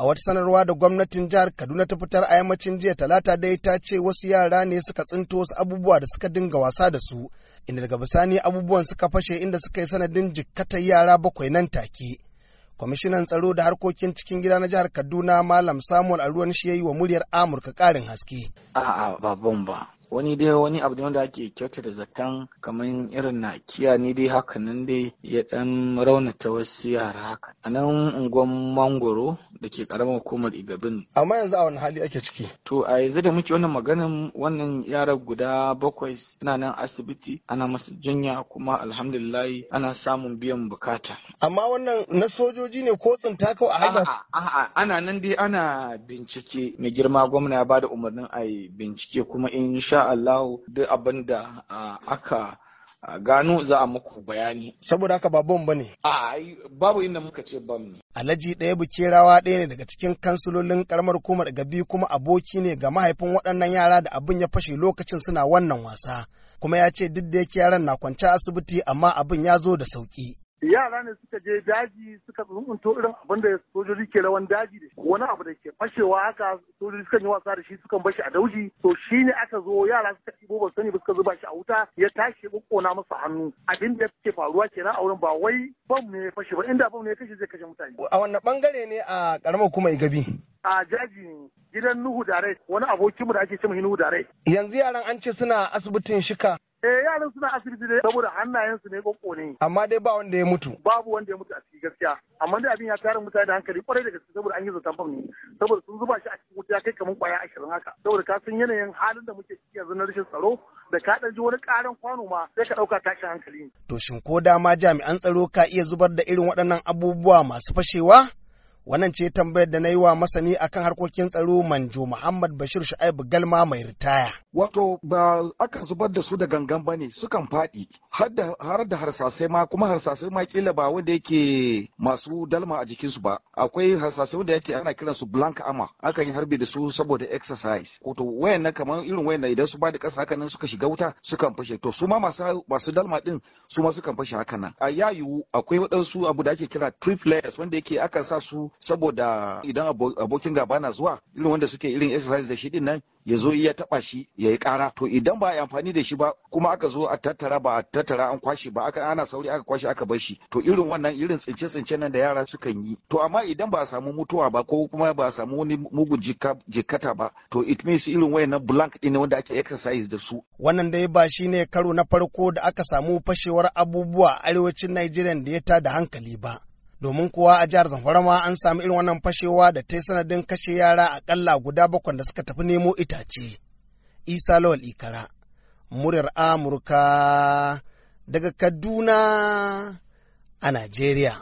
A wata sanarwa da gwamnatin jihar Kaduna ta fitar a yammacin jiya talata dai ta ce wasu yara ne suka tsinto wasu abubuwa da suka dinga wasa da su, inda daga bisani abubuwan suka fashe inda suka yi sanadin jikkatar yara bakwai nan take. Kwamishinan tsaro da harkokin cikin gida na jihar Kaduna Malam Samuel Aruwan shi ya yi wa muryar Amurka ƙarin haske. A'a babban ba, wani dai wani abu ne wanda ake da zaton kamar irin na kiya ne dai haka nan dai ya dan raunata wasu yara haka a nan unguwan mangoro da ke karamar hukumar igabin amma yanzu a wani hali ake ciki to a yanzu da muke wannan maganin wannan yara guda bakwai suna nan asibiti ana masu jinya kuma alhamdulillah ana samun biyan bukata amma wannan na sojoji ne ko tsinta kawai a haka a'a ana nan dai ana bincike mai girma gwamna ya bada umarnin a bincike kuma in sha insha Allah duk abin da aka gano za a muku bayani. Saboda haka ba bom bane. A babu inda muka ce bom ne. Alhaji ɗaya bukerawa ɗaya ne daga cikin kansulolin karamar hukumar Gabi kuma aboki ne ga mahaifin waɗannan yara da abin ya fashe lokacin suna wannan wasa. Kuma ya ce duk da yake yaran na kwance asibiti amma abin ya zo da sauki. yara ne suka je daji suka zumunto irin abin da sojoji ke rawan daji da shi wani abu da ke fashewa haka sojoji suka yi wasa da shi suka bashi a dauji to shi ne aka zo yara suka ɗibo ba sani ba suka zuba shi a wuta ya tashi ya ƙona masa hannu abin da ke faruwa kenan a wurin ba wai bam ne ya fashe ba inda bam ne ya kashe zai kashe mutane. a wanne bangare ne a ƙaramar kuma igabi. a jaji ne gidan Nuhu Dare wani abokinmu da ake cewa Nuhu Dare. Yanzu yaran an ce suna asibitin shika. Eh yaran suna asibiti ne saboda hannayensu ne gonko ne. Amma dai ba wanda ya mutu. Babu wanda ya mutu a cikin gaskiya. Amma dai abin ya tare mutane da hankali kwarai da gaske saboda an yi zaton ne. Saboda sun zuba shi a cikin wuta ya kai kamar kwaya ashirin haka. Saboda ka san yanayin halin da muke ciki yanzu na rashin tsaro da ka ɗan ji wani ƙarin kwano ma sai ka ɗauka tashin hankali. To shin ko dama jami'an tsaro ka iya zubar da irin waɗannan abubuwa masu fashewa? Wannan ce tambayar da na yi wa masani akan harkokin tsaro Manjo Muhammad Bashir Shu'aibu Galma mai ritaya. Wato ba aka zubar da su da gangan ba ne, sukan faɗi har da harsasai ma kuma harsasai ma kila ba wanda yake masu dalma a jikinsu ba. Akwai harsasai wanda yake ana kiransu blank ama akan yi harbi da su saboda exercise. Wato wayan kamar irin wayan idan su ba da ƙasa haka suka shiga wuta sukan fashe to su ma masu dalma din su ma sukan fashe hakanan. A yayu, akwai waɗansu abu da ake kira trip layers wanda yake aka sa su saboda idan abokin gaba na zuwa irin wanda suke irin exercise da shi din nan ya zo ya taba shi ya yi kara to idan ba a yi amfani da shi ba kuma aka zo a tattara ba a tattara an kwashe ba aka ana sauri aka kwashe aka bar shi to irin wannan irin tsince tsince nan da yara sukan yi to amma idan ba a samu mutuwa ba ko kuma ba a samu wani mugu jikata ba to it means irin wayannan blank din wanda ake exercise da su wannan dai ba ne karo na farko da aka samu fashewar abubuwa a arewacin Najeriya da ya da hankali ba domin kuwa a jihar zamfara ma an sami irin wannan fashewa da ta yi sanadin kashe yara akalla guda bakwai da suka tafi nemo itace isa lawal ikara muryar amurka daga kaduna a najeriya